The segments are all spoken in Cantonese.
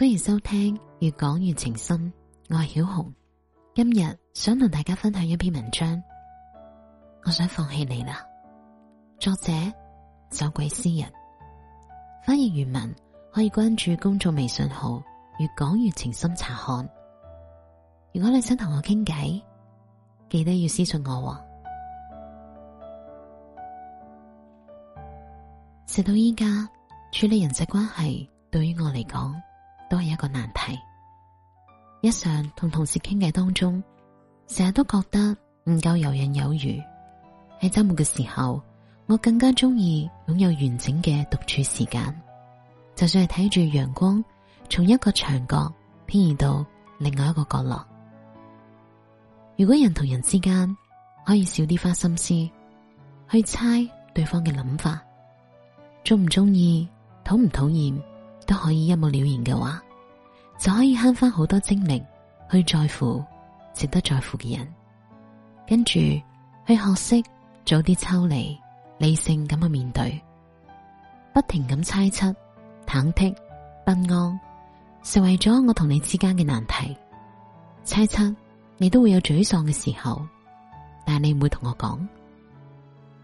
歡迎收聽《越講越情深》，我係曉紅。今日想同大家分享一篇文章，我想放棄你啦。作者：酒鬼詩人。翻譯原文可以關注公眾微信號《越講越情深》查看。如果你想同我傾偈，記得要私信我喎。直到依家，處理人際關係對於我嚟講。都係一個難題。日常同同事傾偈當中，成日都覺得唔夠遊刃有餘。喺周末嘅時候，我更加中意擁有完整嘅獨處時間。就算係睇住陽光從一個牆角偏移到另外一個角落。如果人同人之間可以少啲花心思去猜對方嘅諗法，中唔中意，討唔討厭？都可以一目了然嘅話，就可以慳翻好多精力去在乎值得在乎嘅人，跟住去學識早啲抽離，理性咁去面對，不停咁猜測、忐忑、不安，成為咗我同你之間嘅難題。猜測你都會有沮喪嘅時候，但係你唔會同我講，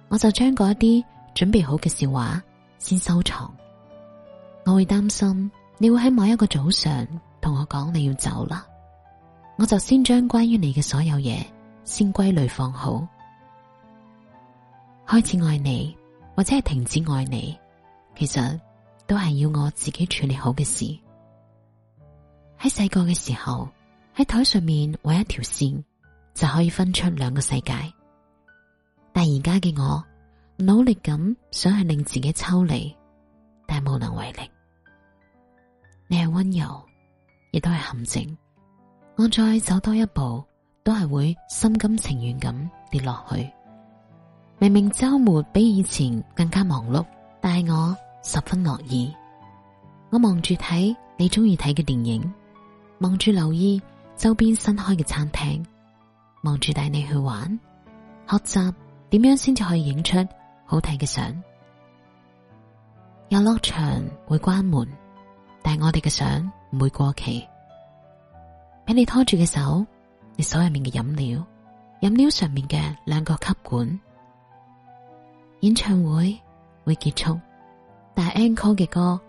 我就將嗰一啲準備好嘅笑話先收藏。我會擔心你會喺某一個早上同我講你要走啦，我就先將關於你嘅所有嘢先歸類放好，開始愛你或者係停止愛你，其實都係要我自己處理好嘅事。喺細個嘅時候喺台上面畫一條線就可以分出兩個世界，但而家嘅我努力咁想去令自己抽離，但係無能為力。你係溫柔，亦都係陷阱。我再走多一步，都係會心甘情願咁跌落去。明明周末比以前更加忙碌，但係我十分樂意。我望住睇你鍾意睇嘅電影，望住留意周邊新開嘅餐廳，望住帶你去玩，學習點樣先至可以影出好睇嘅相。遊樂場會關門。但係我哋嘅相唔會過期，俾你拖住嘅手，你手入面嘅飲料，飲料上面嘅兩個吸管，演唱會會結束，但係 encore 嘅歌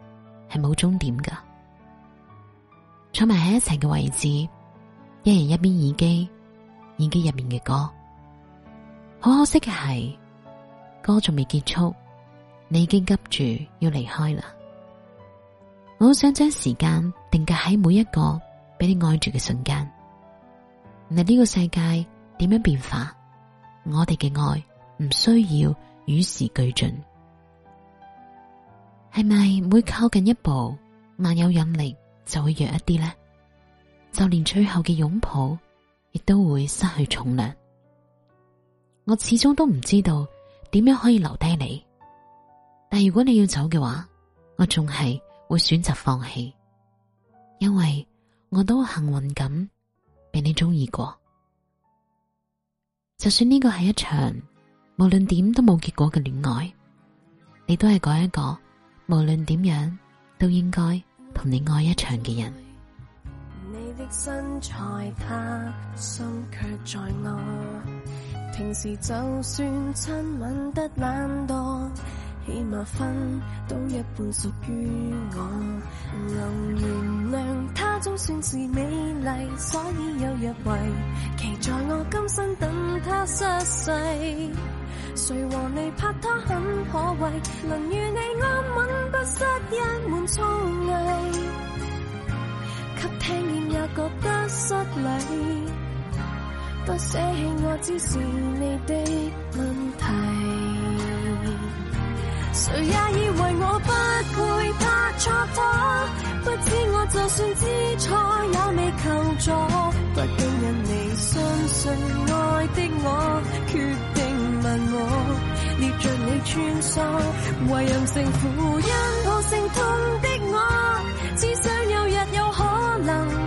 係冇終點噶。坐埋喺一齊嘅位置，一人一邊耳機，耳機入面嘅歌，好可惜嘅係，歌仲未結束，你已經急住要離開啦。我好想將時間定格喺每一個俾你愛住嘅瞬間。唔呢個世界點樣變化，我哋嘅愛唔需要與時俱進。係咪每靠近一步，萬有引力就會弱一啲呢？就連最後嘅擁抱，亦都會失去重量。我始終都唔知道點樣可以留低你。但如果你要走嘅話，我仲係。會選擇放棄，因為我都幸運咁被你中意過。就算呢個係一場無論點都冇結果嘅戀愛，你都係嗰一個無論點樣都應該同你愛一場嘅人。你的身材他，他心卻在我，平時就算親吻得懶惰。起碼分都一半屬於我，能原諒他總算是美麗，所以有日為期在我今生等他失勢，誰和你拍拖很可貴，能與你安穩不失一門聰慧，給聽見也覺得失禮，不捨棄我只是你的問題。誰也以為我不配，拍錯拖；不知我就算知錯也未求助。不見人未相信愛的我，決定問我，捏着你穿梭，為任性苦因抱成痛的我，只想有日有可能。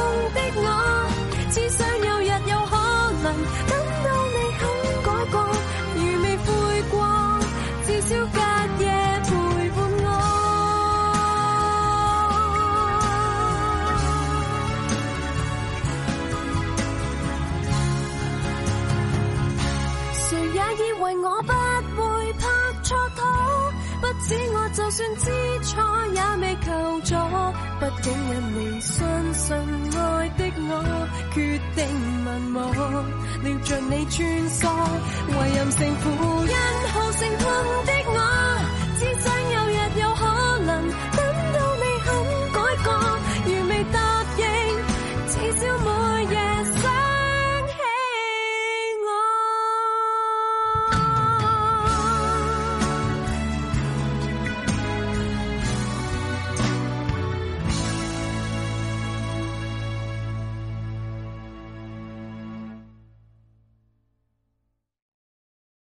使我就算知錯，也未求助，畢竟因你相信愛的我，決定問我，繞著你穿梭，為任性苦，因 好勝判的我。